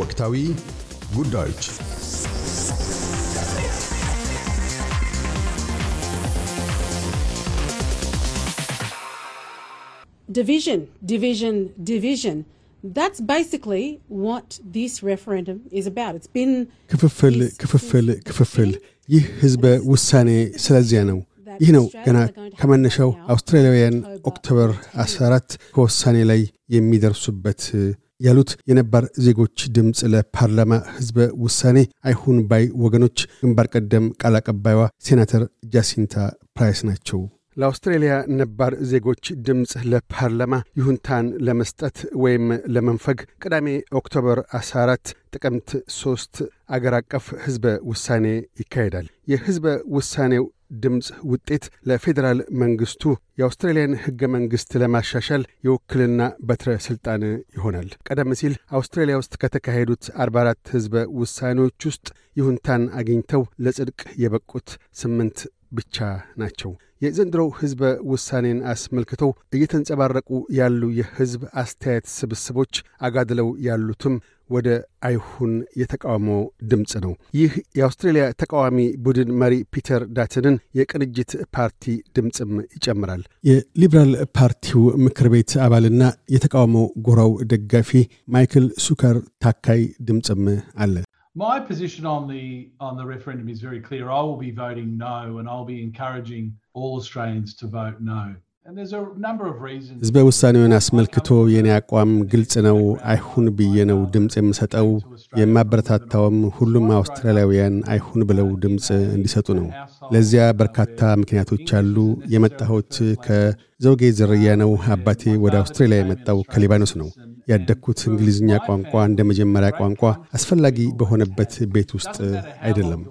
ወቅታዊ ጉዳዮች ዲቪዥን ዲቪዥን ዲቪዥን ክፍፍል ክፍፍል ክፍፍል። ይህ ሕዝበ ውሳኔ ስለዚያ ነው። ይህ ነው ገና ከመነሻው አውስትራሊያውያን ኦክቶበር 14 ከውሳኔ ላይ የሚደርሱበት ያሉት የነባር ዜጎች ድምፅ ለፓርላማ ህዝበ ውሳኔ አይሁን ባይ ወገኖች ግንባር ቀደም ቃል አቀባይዋ ሴናተር ጃሲንታ ፕራይስ ናቸው። ለአውስትሬልያ ነባር ዜጎች ድምፅ ለፓርላማ ይሁንታን ለመስጠት ወይም ለመንፈግ ቅዳሜ ኦክቶበር 14 ጥቅምት 3 አገር አቀፍ ህዝበ ውሳኔ ይካሄዳል። የህዝበ ውሳኔው ድምፅ ውጤት ለፌዴራል መንግስቱ የአውስትራሊያን ህገ መንግስት ለማሻሻል የውክልና በትረ ሥልጣን ይሆናል። ቀደም ሲል አውስትራሊያ ውስጥ ከተካሄዱት 44 ሕዝበ ውሳኔዎች ውስጥ ይሁንታን አግኝተው ለጽድቅ የበቁት ስምንት ብቻ ናቸው። የዘንድሮው ህዝበ ውሳኔን አስመልክቶ እየተንጸባረቁ ያሉ የህዝብ አስተያየት ስብስቦች አጋድለው ያሉትም ወደ አይሁን የተቃውሞ ድምፅ ነው። ይህ የአውስትሬልያ ተቃዋሚ ቡድን መሪ ፒተር ዳትንን የቅንጅት ፓርቲ ድምፅም ይጨምራል። የሊበራል ፓርቲው ምክር ቤት አባልና የተቃውሞ ጎራው ደጋፊ ማይክል ሱከር ታካይ ድምፅም አለ። my position on the on the referendum is very clear. I will be voting no, ህዝበ ውሳኔውን አስመልክቶ የኔ አቋም ግልጽ ነው። አይሁን ብዬ ነው ድምፅ የምሰጠው። የማበረታታውም ሁሉም አውስትራሊያውያን አይሁን ብለው ድምፅ እንዲሰጡ ነው። ለዚያ በርካታ ምክንያቶች አሉ። የመጣሁት ከዘውጌ ዝርያ ነው። አባቴ ወደ አውስትራሊያ የመጣው ከሊባኖስ ነው። ያደግኩት እንግሊዝኛ ቋንቋ እንደ መጀመሪያ ቋንቋ አስፈላጊ በሆነበት ቤት ውስጥ አይደለም።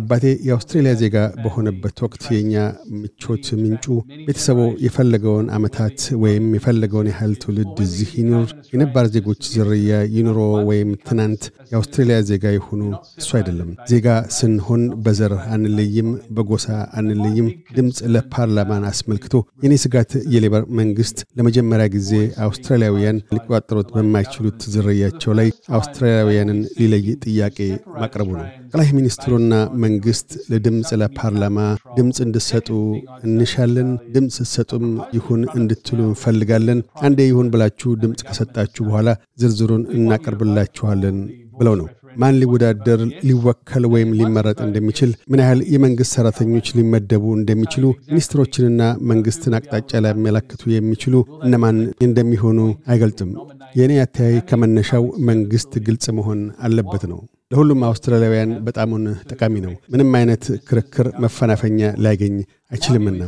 አባቴ የአውስትሬልያ ዜጋ በሆነበት ወቅት የእኛ ምቾት ምንጩ ቤተሰቡ የፈለገውን ዓመታት ወይም የፈለገውን ያህል ትውልድ እዚህ ይኑር፣ የነባር ዜጎች ዝርያ ይኑሮ ወይም ትናንት የአውስትሬልያ ዜጋ የሆኑ እሱ አይደለም። ዜጋ ስንሆን በዘር አንለይም፣ በጎሳ አንለይም። ድምፅ ለፓርላማን አስመልክቶ የኔ ስጋት የሌበር መንግስት ለመጀመሪያ ጊዜ አውስትራሊያውያን ሊቆጣጠሩት በማይችሉት ዝርያቸው ላይ አውስትራሊያውያንን ሊለይ ጥያቄ ማቅረቡ ነው። ጠቅላይ ሚኒስትሩና መንግስት ለድምፅ ለፓርላማ ድምፅ እንድትሰጡ እንሻለን። ድምፅ ስትሰጡም ይሁን እንድትሉ እንፈልጋለን። አንዴ ይሁን ብላችሁ ድምፅ ከሰጣችሁ በኋላ ዝርዝሩን እናቀርብላችኋለን ብለው ነው። ማን ሊወዳደር ሊወከል ወይም ሊመረጥ እንደሚችል ምን ያህል የመንግሥት ሠራተኞች ሊመደቡ እንደሚችሉ ሚኒስትሮችንና መንግሥትን አቅጣጫ ሊያመላክቱ የሚችሉ እነማን እንደሚሆኑ አይገልጥም። የእኔ አተያይ ከመነሻው መንግሥት ግልጽ መሆን አለበት ነው። ለሁሉም አውስትራሊያውያን በጣሙን ጠቃሚ ነው። ምንም አይነት ክርክር መፈናፈኛ ሊያገኝ አይችልምና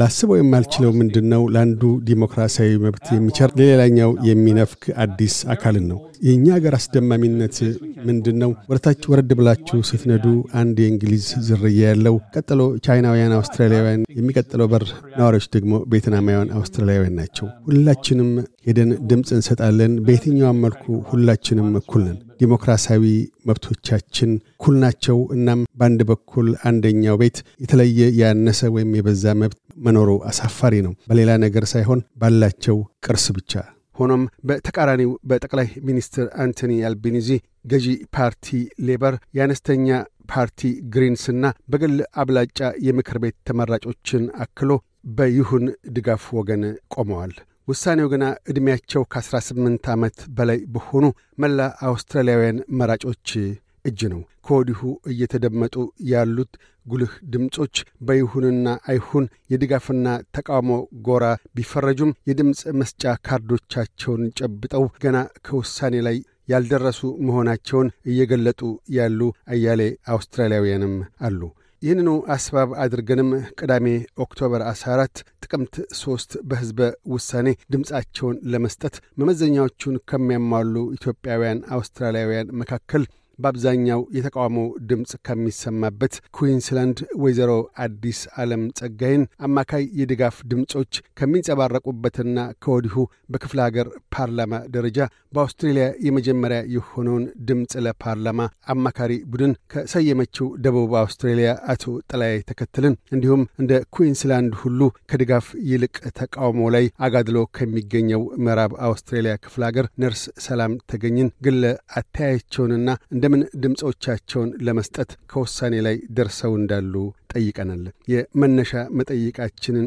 ላስበው የማልችለው ምንድን ነው ለአንዱ ዲሞክራሲያዊ መብት የሚቸር ለሌላኛው የሚነፍክ አዲስ አካልን ነው። የእኛ ሀገር አስደማሚነት ምንድን ነው? ወደታች ወረድ ብላችሁ ስትነዱ አንድ የእንግሊዝ ዝርያ ያለው ቀጥሎ ቻይናውያን አውስትራሊያውያን፣ የሚቀጥለው በር ነዋሪዎች ደግሞ ቬትናማውያን አውስትራሊያውያን ናቸው። ሁላችንም ሄደን ድምፅ እንሰጣለን። በየትኛውም መልኩ ሁላችንም እኩል ነን። ዲሞክራሲያዊ መብቶቻችን እኩል ናቸው። እናም በአንድ በኩል አንደኛው ቤት የተለየ ያነሰ ወይም የበዛ መብት መኖሩ አሳፋሪ ነው፣ በሌላ ነገር ሳይሆን ባላቸው ቅርስ ብቻ። ሆኖም በተቃራኒው በጠቅላይ ሚኒስትር አንቶኒ አልቢኒዚ ገዢ ፓርቲ ሌበር የአነስተኛ ፓርቲ ግሪንስና በግል አብላጫ የምክር ቤት ተመራጮችን አክሎ በይሁን ድጋፍ ወገን ቆመዋል። ውሳኔው ገና ዕድሜያቸው ከ18 ዓመት በላይ በሆኑ መላ አውስትራሊያውያን መራጮች እጅ ነው። ከወዲሁ እየተደመጡ ያሉት ጉልህ ድምፆች በይሁንና አይሁን የድጋፍና ተቃውሞ ጎራ ቢፈረጁም የድምፅ መስጫ ካርዶቻቸውን ጨብጠው ገና ከውሳኔ ላይ ያልደረሱ መሆናቸውን እየገለጡ ያሉ አያሌ አውስትራሊያውያንም አሉ። ይህንኑ አስባብ አድርገንም ቅዳሜ ኦክቶበር 14 ጥቅምት 3 በሕዝበ ውሳኔ ድምፃቸውን ለመስጠት መመዘኛዎቹን ከሚያሟሉ ኢትዮጵያውያን አውስትራሊያውያን መካከል በአብዛኛው የተቃውሞ ድምፅ ከሚሰማበት ኩዊንስላንድ ወይዘሮ አዲስ ዓለም ጸጋይን አማካይ የድጋፍ ድምፆች ከሚንጸባረቁበትና ከወዲሁ በክፍለ ሀገር ፓርላማ ደረጃ በአውስትሬልያ የመጀመሪያ የሆነውን ድምፅ ለፓርላማ አማካሪ ቡድን ከሰየመችው ደቡብ አውስትሬልያ አቶ ጥላይ ተከትልን እንዲሁም እንደ ኩዊንስላንድ ሁሉ ከድጋፍ ይልቅ ተቃውሞ ላይ አጋድሎ ከሚገኘው ምዕራብ አውስትሬልያ ክፍለ ሀገር ነርስ ሰላም ተገኝን ግለ አተያያቸውንና እንደ እንደምን ድምፆቻቸውን ለመስጠት ከውሳኔ ላይ ደርሰው እንዳሉ ጠይቀናል። የመነሻ መጠይቃችንን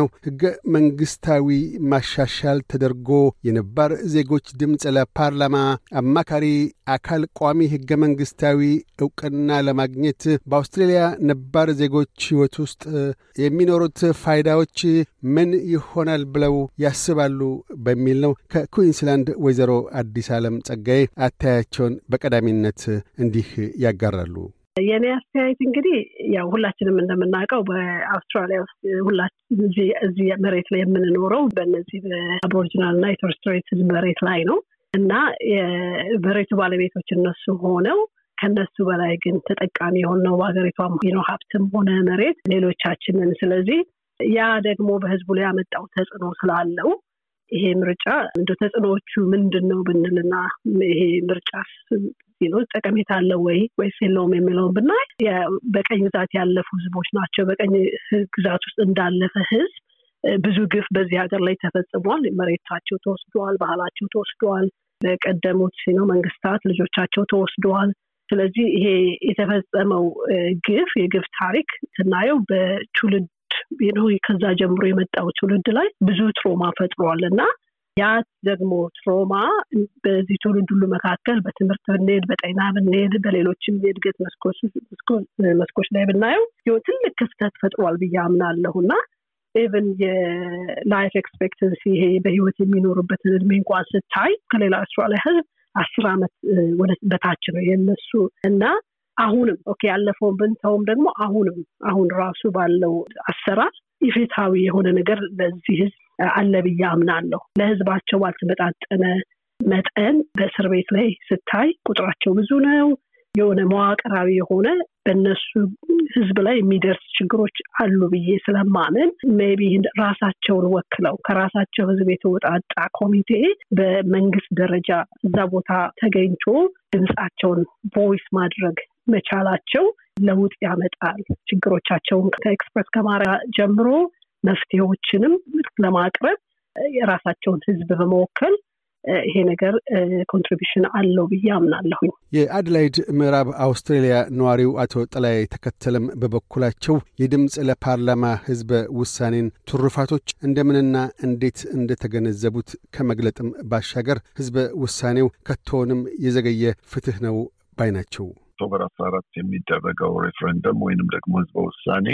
ነው። ህገ መንግስታዊ ማሻሻል ተደርጎ የነባር ዜጎች ድምፅ ለፓርላማ አማካሪ አካል ቋሚ ህገ መንግስታዊ እውቅና ለማግኘት በአውስትሬልያ ነባር ዜጎች ህይወት ውስጥ የሚኖሩት ፋይዳዎች ምን ይሆናል ብለው ያስባሉ በሚል ነው። ከኩዊንስላንድ ወይዘሮ አዲስ አለም ጸጋዬ አታያቸውን በቀዳሚነት እንዲህ ያጋራሉ። የእኔ አስተያየት እንግዲህ ያው ሁላችንም እንደምናውቀው በአውስትራሊያ ውስጥ ሁላችን እዚህ መሬት ላይ የምንኖረው በነዚህ በአቦሪጂናል እና የቶርስትሬት መሬት ላይ ነው እና የመሬቱ ባለቤቶች እነሱ ሆነው ከነሱ በላይ ግን ተጠቃሚ የሆነው በሀገሪቷም ኖ ሀብትም ሆነ መሬት ሌሎቻችንን። ስለዚህ ያ ደግሞ በህዝቡ ላይ ያመጣው ተጽዕኖ ስላለው ይሄ ምርጫ እንደ ተጽዕኖዎቹ ምንድን ነው ብንልና ይሄ ምርጫ ቫክሲን ጠቀሜታ አለው ወይ ወይስ የለውም የሚለውን ብናይ በቀኝ ግዛት ያለፉ ህዝቦች ናቸው። በቀኝ ግዛት ውስጥ እንዳለፈ ህዝብ ብዙ ግፍ በዚህ ሀገር ላይ ተፈጽሟል። መሬታቸው ተወስደዋል፣ ባህላቸው ተወስደዋል፣ በቀደሙት ሲኖ መንግስታት ልጆቻቸው ተወስደዋል። ስለዚህ ይሄ የተፈጸመው ግፍ የግፍ ታሪክ ስናየው በትውልድ ከዛ ጀምሮ የመጣው ትውልድ ላይ ብዙ ትሮማ ፈጥሯል እና ያ ደግሞ ትሮማ በዚህ ትውልድ ሁሉ መካከል በትምህርት ብንሄድ፣ በጤና ብንሄድ፣ በሌሎችም የእድገት መስኮች ላይ ብናየው ትልቅ ክፍተት ፈጥሯል ብዬ አምናለሁ እና ኢቨን የላይፍ ኤክስፔክተንሲ ይሄ በህይወት የሚኖሩበትን እድሜ እንኳን ስታይ ከሌላ አውስትራሊያ ህዝብ አስር ዓመት በታች ነው የነሱ እና አሁንም ኦኬ ያለፈውን ብንተውም ደግሞ አሁንም አሁን ራሱ ባለው አሰራር ኢፌታዊ የሆነ ነገር ለዚህ ህዝብ አለ ብዬ አምናለሁ። ለህዝባቸው ባልተመጣጠነ መጠን በእስር ቤት ላይ ስታይ ቁጥራቸው ብዙ ነው። የሆነ መዋቅራዊ የሆነ በእነሱ ህዝብ ላይ የሚደርስ ችግሮች አሉ ብዬ ስለማመን ሜይ ቢ ራሳቸውን ወክለው ከራሳቸው ህዝብ የተወጣጣ ኮሚቴ በመንግስት ደረጃ እዛ ቦታ ተገኝቶ ድምፃቸውን ቮይስ ማድረግ መቻላቸው ለውጥ ያመጣል። ችግሮቻቸውን ከኤክስፕረስ ከማራ ጀምሮ መፍትሄዎችንም ለማቅረብ የራሳቸውን ህዝብ በመወከል ይሄ ነገር ኮንትሪቢሽን አለው ብዬ አምናለሁኝ። የአድላይድ ምዕራብ አውስትሬሊያ ነዋሪው አቶ ጥላይ ተከተልም በበኩላቸው የድምፅ ለፓርላማ ህዝበ ውሳኔን ትሩፋቶች እንደምንና እንዴት እንደተገነዘቡት ከመግለጥም ባሻገር ህዝበ ውሳኔው ከቶውንም የዘገየ ፍትህ ነው ባይ ናቸው። ኦክቶበር አስራ አራት የሚደረገው ሬፍረንደም ወይንም ደግሞ ህዝበ ውሳኔ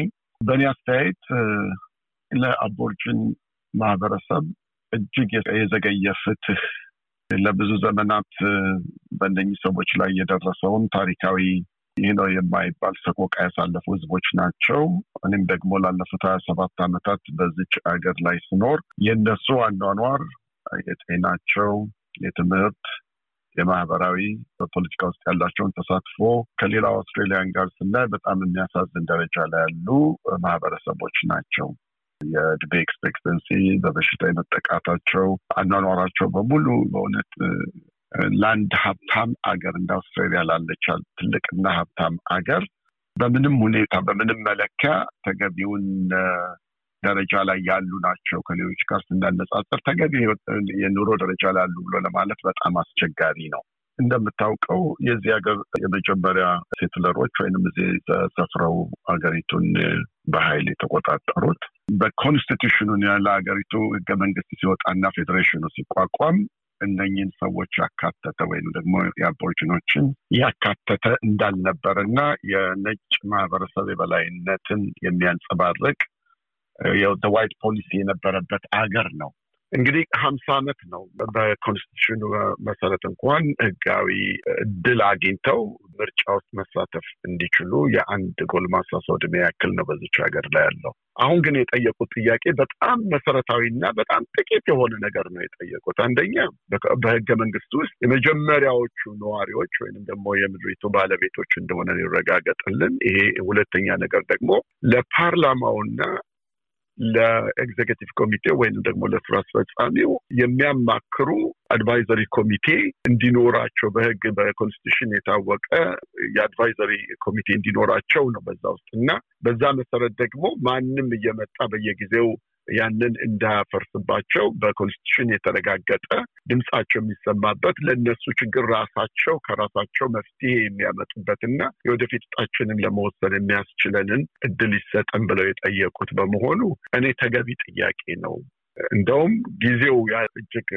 በእኔ አስተያየት ለአቦርጅን ማህበረሰብ እጅግ የዘገየ ፍትህ ለብዙ ዘመናት በእነኚህ ሰዎች ላይ የደረሰውን ታሪካዊ ይህ ነው የማይባል ሰቆቃ ያሳለፉ ህዝቦች ናቸው። እኔም ደግሞ ላለፉት ሀያ ሰባት አመታት በዚች አገር ላይ ስኖር የእነሱ አኗኗር የጤናቸው፣ የትምህርት የማህበራዊ በፖለቲካ ውስጥ ያላቸውን ተሳትፎ ከሌላው አውስትሬሊያን ጋር ስናይ በጣም የሚያሳዝን ደረጃ ላይ ያሉ ማህበረሰቦች ናቸው። የድቤ ኤክስፔክተንሲ በበሽታ የመጠቃታቸው አኗኗራቸው በሙሉ በእውነት ለአንድ ሀብታም አገር እንደ አውስትራሊያ ላለቻል ትልቅና ሀብታም አገር በምንም ሁኔታ በምንም መለኪያ ተገቢውን ደረጃ ላይ ያሉ ናቸው ከሌሎች ጋር ስናነጻጽር ተገቢ የኑሮ ደረጃ ላይ ያሉ ብሎ ለማለት በጣም አስቸጋሪ ነው። እንደምታውቀው የዚህ ሀገር የመጀመሪያ ሴትለሮች ወይም እዚህ ተሰፍረው ሀገሪቱን በሀይል የተቆጣጠሩት በኮንስቲቱሽኑን ያለ ሀገሪቱ ህገ መንግስት ሲወጣና ፌዴሬሽኑ ሲቋቋም እነኝን ሰዎች ያካተተ ወይም ደግሞ የአቦርጅኖችን ያካተተ እንዳልነበረና የነጭ ማህበረሰብ የበላይነትን የሚያንጸባርቅ የዋይት ፖሊሲ የነበረበት አገር ነው። እንግዲህ ሀምሳ ዓመት ነው በኮንስቲቱሽኑ መሰረት እንኳን ህጋዊ እድል አግኝተው ምርጫ ውስጥ መሳተፍ እንዲችሉ የአንድ ጎልማሳ ሰው ድሜ ያክል ነው በዚች ሀገር ላይ ያለው። አሁን ግን የጠየቁት ጥያቄ በጣም መሰረታዊና በጣም ጥቂት የሆነ ነገር ነው የጠየቁት። አንደኛ በህገ መንግስት ውስጥ የመጀመሪያዎቹ ነዋሪዎች ወይንም ደግሞ የምድሪቱ ባለቤቶች እንደሆነ ይረጋገጥልን። ይሄ ሁለተኛ ነገር ደግሞ ለፓርላማውና ለኤግዜኪቲቭ ኮሚቴ ወይም ደግሞ ለስራ አስፈጻሚው የሚያማክሩ አድቫይዘሪ ኮሚቴ እንዲኖራቸው በህግ በኮንስቲቱሽን የታወቀ የአድቫይዘሪ ኮሚቴ እንዲኖራቸው ነው በዛ ውስጥ እና በዛ መሰረት ደግሞ ማንም እየመጣ በየጊዜው ያንን እንዳያፈርስባቸው በኮንስቲቱሽን የተረጋገጠ ድምጻቸው የሚሰማበት ለእነሱ ችግር ራሳቸው ከራሳቸው መፍትሄ የሚያመጡበትና የወደፊት እጣችንን ለመወሰን የሚያስችለንን እድል ይሰጠን ብለው የጠየቁት በመሆኑ እኔ ተገቢ ጥያቄ ነው እንደውም ጊዜው እጅግ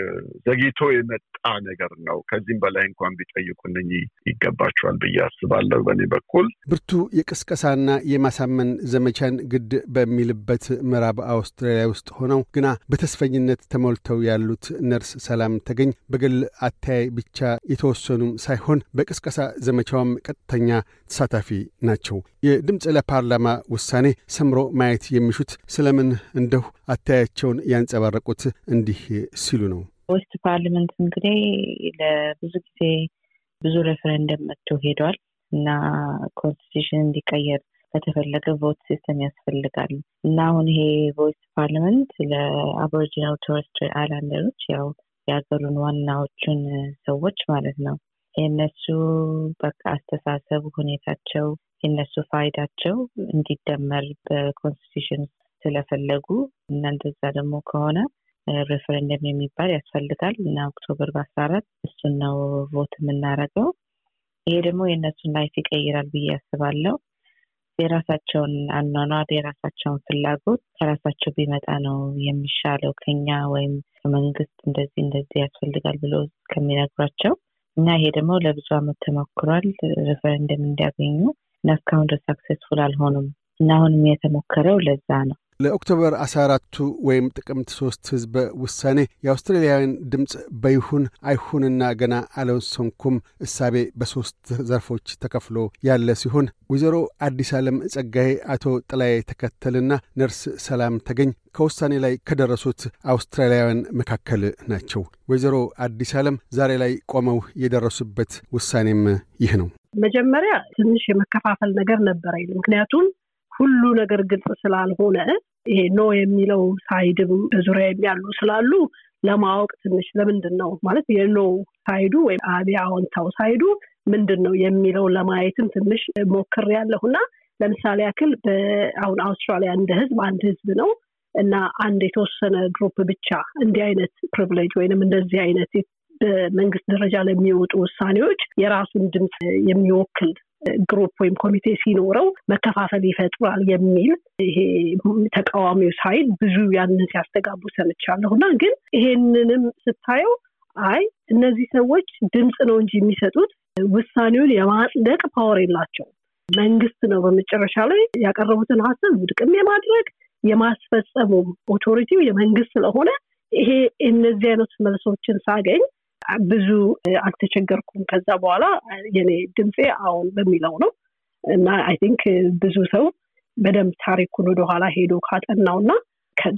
ዘግይቶ የመጣ ነገር ነው። ከዚህም በላይ እንኳን ቢጠይቁንኝ ይገባቸዋል ብዬ አስባለሁ። በእኔ በኩል ብርቱ የቅስቀሳና የማሳመን ዘመቻን ግድ በሚልበት ምዕራብ አውስትራሊያ ውስጥ ሆነው ግና በተስፈኝነት ተሞልተው ያሉት ነርስ ሰላም ተገኝ በግል አተያይ ብቻ የተወሰኑም ሳይሆን በቅስቀሳ ዘመቻውም ቀጥተኛ ተሳታፊ ናቸው። የድምፅ ለፓርላማ ውሳኔ ሰምሮ ማየት የሚሹት ስለምን እንደሁ አታያቸውን ያንጸባረቁት እንዲህ ሲሉ ነው። ውስጥ ፓርሊመንት እንግዲህ ለብዙ ጊዜ ብዙ ሬፈረንደም መጥቶ ሄዷል እና ኮንስቲቱሽን እንዲቀየር ከተፈለገ ቮት ሲስተም ያስፈልጋል እና አሁን ይሄ ቮይስ ፓርሊመንት ለአቦሪጂናል ቶረስትሪ አይላንደሮች ያው የሀገሩን ዋናዎቹን ሰዎች ማለት ነው የእነሱ በቃ አስተሳሰብ ሁኔታቸው የእነሱ ፋይዳቸው እንዲደመር በኮንስቲቱሽን ስለፈለጉ እና እንደዛ ደግሞ ከሆነ ሬፈረንደም የሚባል ያስፈልጋል እና ኦክቶበር በአስራ አራት እሱን ነው ቮት የምናረገው። ይሄ ደግሞ የእነሱን ላይፍ ይቀይራል ብዬ አስባለሁ። የራሳቸውን አኗኗር የራሳቸውን ፍላጎት ከራሳቸው ቢመጣ ነው የሚሻለው ከኛ ወይም ከመንግስት እንደዚህ እንደዚህ ያስፈልጋል ብሎ ከሚነግሯቸው እና ይሄ ደግሞ ለብዙ አመት ተሞክሯል ሬፈረንደም እንዲያገኙ እና እስካሁን ድረስ ሳክሴስፉል አልሆኑም እና አሁንም የተሞከረው ለዛ ነው። ለኦክቶበር 14ቱ ወይም ጥቅምት ሶስት ህዝበ ውሳኔ የአውስትራሊያውያን ድምፅ በይሁን አይሁንና ገና አለወሰንኩም እሳቤ በሦስት ዘርፎች ተከፍሎ ያለ ሲሆን ወይዘሮ አዲስ ዓለም ጸጋዬ፣ አቶ ጥላዬ ተከተልና ነርስ ሰላም ተገኝ ከውሳኔ ላይ ከደረሱት አውስትራሊያውያን መካከል ናቸው። ወይዘሮ አዲስ ዓለም ዛሬ ላይ ቆመው የደረሱበት ውሳኔም ይህ ነው። መጀመሪያ ትንሽ የመከፋፈል ነገር ነበረ። ምክንያቱም ሁሉ ነገር ግልጽ ስላልሆነ ይሄ ኖ የሚለው ሳይድም በዙሪያ ያሉ ስላሉ ለማወቅ ትንሽ ለምንድን ነው ማለት የኖ ሳይዱ ወይም አብያ አዎንታው ሳይዱ ምንድን ነው የሚለው ለማየትም ትንሽ ሞክር ያለሁ እና ለምሳሌ ያክል አሁን አውስትራሊያ እንደ ህዝብ አንድ ህዝብ ነው እና አንድ የተወሰነ ግሩፕ ብቻ እንዲህ አይነት ፕሪቪሌጅ ወይንም እንደዚህ አይነት በመንግስት ደረጃ ለሚወጡ ውሳኔዎች የራሱን ድምፅ የሚወክል ግሩፕ ወይም ኮሚቴ ሲኖረው መከፋፈል ይፈጥራል የሚል ይሄ ተቃዋሚው ሳይል ብዙ ያንን ሲያስተጋቡ ሰምቻለሁ እና ግን ይሄንንም ስታየው አይ እነዚህ ሰዎች ድምፅ ነው እንጂ የሚሰጡት ውሳኔውን የማጽደቅ ፓወር የላቸው። መንግስት ነው በመጨረሻ ላይ ያቀረቡትን ሀሳብ ውድቅም የማድረግ የማስፈጸሙም ኦቶሪቲው የመንግስት ስለሆነ ይሄ እነዚህ አይነት መልሶችን ሳገኝ ብዙ አልተቸገርኩም። ከዛ በኋላ የኔ ድምፄ አሁን በሚለው ነው እና አይ ቲንክ ብዙ ሰው በደንብ ታሪኩን ወደኋላ ሄዶ ካጠናው እና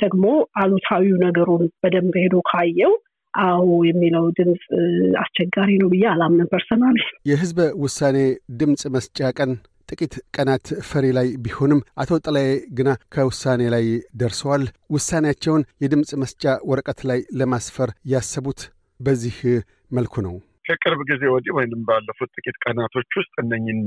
ደግሞ አሉታዊው ነገሩን በደንብ ሄዶ ካየው አዎ የሚለው ድምፅ አስቸጋሪ ነው ብዬ አላምንም። ፐርሰናል የህዝበ ውሳኔ ድምፅ መስጫ ቀን ጥቂት ቀናት ፈሪ ላይ ቢሆንም አቶ ጥላዬ ግና ከውሳኔ ላይ ደርሰዋል። ውሳኔያቸውን የድምፅ መስጫ ወረቀት ላይ ለማስፈር ያሰቡት በዚህ መልኩ ነው። ከቅርብ ጊዜ ወዲህ ወይም ባለፉት ጥቂት ቀናቶች ውስጥ እነኝን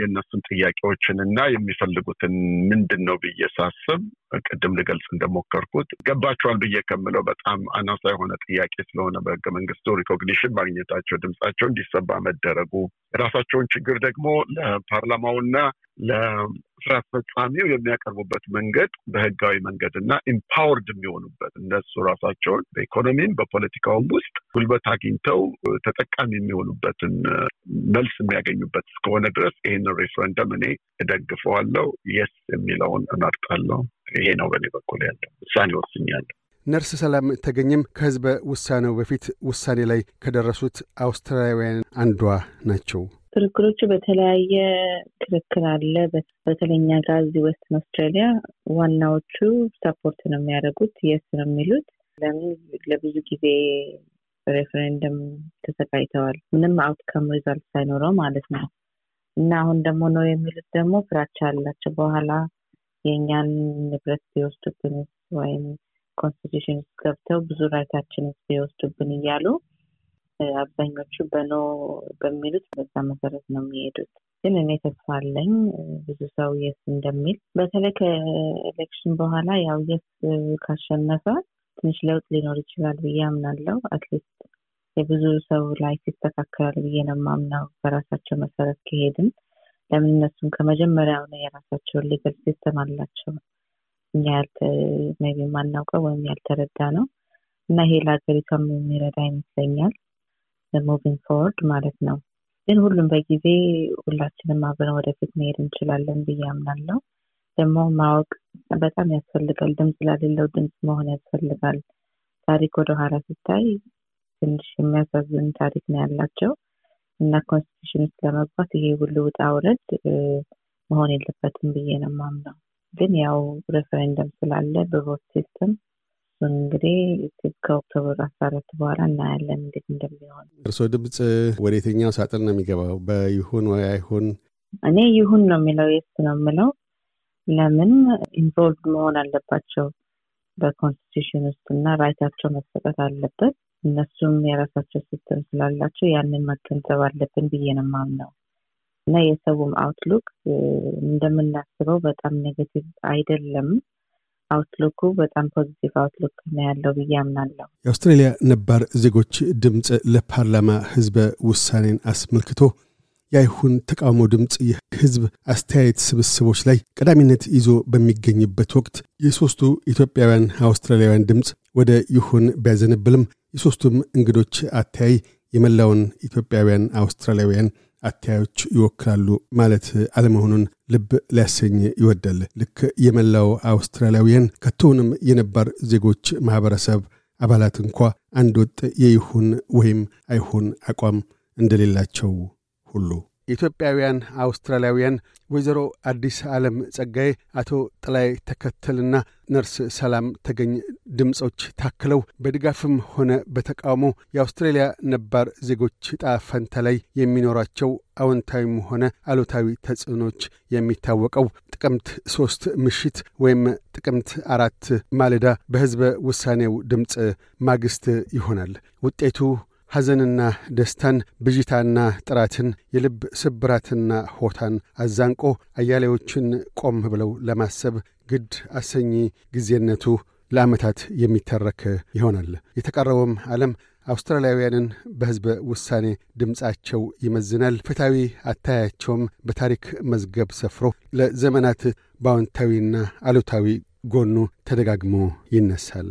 የእነሱን ጥያቄዎችን እና የሚፈልጉትን ምንድን ነው ብዬ ሳስብ ቅድም ልገልጽ እንደሞከርኩት ገባቸዋል ብዬ ከምለው በጣም አናሳ የሆነ ጥያቄ ስለሆነ በህገ መንግስቱ ሪኮግኒሽን ማግኘታቸው፣ ድምጻቸው እንዲሰባ መደረጉ፣ የራሳቸውን ችግር ደግሞ ለፓርላማውና ስራ አስፈጻሚው የሚያቀርቡበት መንገድ በህጋዊ መንገድ እና ኢምፓወርድ የሚሆኑበት እነሱ ራሳቸውን በኢኮኖሚም በፖለቲካውም ውስጥ ጉልበት አግኝተው ተጠቃሚ የሚሆኑበትን መልስ የሚያገኙበት እስከሆነ ድረስ ይህንን ሬፍረንደም እኔ እደግፈዋለው የስ የሚለውን እናርቃለሁ። ይሄ ነው በእኔ በኩል ያለ ውሳኔ ወስኛለሁ። ነርስ ሰላም ተገኘም ከህዝበ ውሳኔው በፊት ውሳኔ ላይ ከደረሱት አውስትራሊያውያን አንዷ ናቸው። ክርክሮቹ በተለያየ ክርክር አለ። በተለኛ ጋር እዚህ ዌስትን አውስትራሊያ ዋናዎቹ ሰፖርት ነው የሚያደርጉት፣ የስ ነው የሚሉት። ለምን ለብዙ ጊዜ ሬፈረንደም ተሰቃይተዋል፣ ምንም አውትካም ሪዛልት ሳይኖረው ማለት ነው። እና አሁን ደግሞ ነው የሚሉት ደግሞ ፍራቻ አላቸው። በኋላ የእኛን ንብረት ቢወስዱብን ወይም ኮንስቲቱሽን ገብተው ብዙ ራይታችን ቢወስዱብን እያሉ አብዛኞቹ በኖ በሚሉት በዛ መሰረት ነው የሚሄዱት። ግን እኔ ተስፋ አለኝ ብዙ ሰው የስ እንደሚል በተለይ ከኤሌክሽን በኋላ ያው የስ ካሸነፈ ትንሽ ለውጥ ሊኖር ይችላል ብዬ አምናለው። አትሊስት የብዙ ሰው ላይፍ ይስተካከላል ብዬ ነው የማምነው በራሳቸው መሰረት ከሄድን ለምን እነሱም ከመጀመሪያው ነው የራሳቸውን ሊገል ሲስተም አላቸው። እኛ ያልተ ቢ የማናውቀው ወይም ያልተረዳ ነው እና ይሄ ለሀገሪቷም የሚረዳ ይመስለኛል። ሙቪንግ ፎርወርድ ማለት ነው። ግን ሁሉም በጊዜ ሁላችንም አብረን ወደፊት መሄድ እንችላለን ብዬ አምናለሁ። ደግሞ ማወቅ በጣም ያስፈልጋል። ድምፅ ላሌለው ድምፅ መሆን ያስፈልጋል። ታሪክ ወደ ኋላ ሲታይ ትንሽ የሚያሳዝን ታሪክ ነው ያላቸው እና ኮንስቲቱሽን ውስጥ ለመግባት ይሄ ሁሉ ውጣ ውረድ መሆን የለበትም ብዬ ነው የማምነው። ግን ያው ሬፈረንደም ስላለ በቦት ሲስተም እሱን እንግዲህ ከኦክቶበር አስራ አራት በኋላ እናያለን እንዴት እንደሚሆን። እርስዎ ድምፅ ወደ የትኛው ሳጥን ነው የሚገባው? በይሁን ወይ አይሁን? እኔ ይሁን ነው የሚለው የስ ነው የምለው። ለምን ኢንቮልቭ መሆን አለባቸው በኮንስቲቱሽን ውስጥ እና ራይታቸው መሰጠት አለበት። እነሱም የራሳቸው ሲስተም ስላላቸው ያንን መገንዘብ አለብን ብዬ ነው የማምነው። እና የሰውም አውትሉክ እንደምናስበው በጣም ኔጌቲቭ አይደለም። አውትሎኩ በጣም ፖዚቲቭ አውትሎክ ነው ያለው ብዬ አምናለሁ። የአውስትራሊያ ነባር ዜጎች ድምፅ ለፓርላማ ህዝበ ውሳኔን አስመልክቶ የአይሁን ተቃውሞ ድምፅ የህዝብ አስተያየት ስብስቦች ላይ ቀዳሚነት ይዞ በሚገኝበት ወቅት የሶስቱ ኢትዮጵያውያን አውስትራሊያውያን ድምፅ ወደ ይሁን ቢያዘነብልም የሶስቱም እንግዶች አተያይ የመላውን ኢትዮጵያውያን አውስትራሊያውያን አተያዮች ይወክላሉ ማለት አለመሆኑን ልብ ሊያሰኝ ይወዳል። ልክ የመላው አውስትራሊያውያን ከቶውንም የነባር ዜጎች ማኅበረሰብ አባላት እንኳ አንድ ወጥ የይሁን ወይም አይሁን አቋም እንደሌላቸው ሁሉ ኢትዮጵያውያን አውስትራሊያውያን ወይዘሮ አዲስ ዓለም ጸጋዬ፣ አቶ ጥላይ ተከተልና ነርስ ሰላም ተገኝ ድምፆች ታክለው በድጋፍም ሆነ በተቃውሞ የአውስትሬልያ ነባር ዜጎች ጣፈንተ ፈንታ ላይ የሚኖራቸው አዎንታዊም ሆነ አሉታዊ ተጽዕኖች የሚታወቀው ጥቅምት ሦስት ምሽት ወይም ጥቅምት አራት ማለዳ በሕዝበ ውሳኔው ድምፅ ማግስት ይሆናል። ውጤቱ ሐዘንና ደስታን፣ ብዥታና ጥራትን፣ የልብ ስብራትና ሆታን አዛንቆ አያሌዎችን ቆም ብለው ለማሰብ ግድ አሰኚ ጊዜነቱ ለዓመታት የሚተረክ ይሆናል። የተቀረውም ዓለም አውስትራሊያውያንን በሕዝበ ውሳኔ ድምፃቸው ይመዝናል። ፍትሐዊ አታያቸውም በታሪክ መዝገብ ሰፍሮ ለዘመናት በአዎንታዊና አሉታዊ ጎኑ ተደጋግሞ ይነሳል።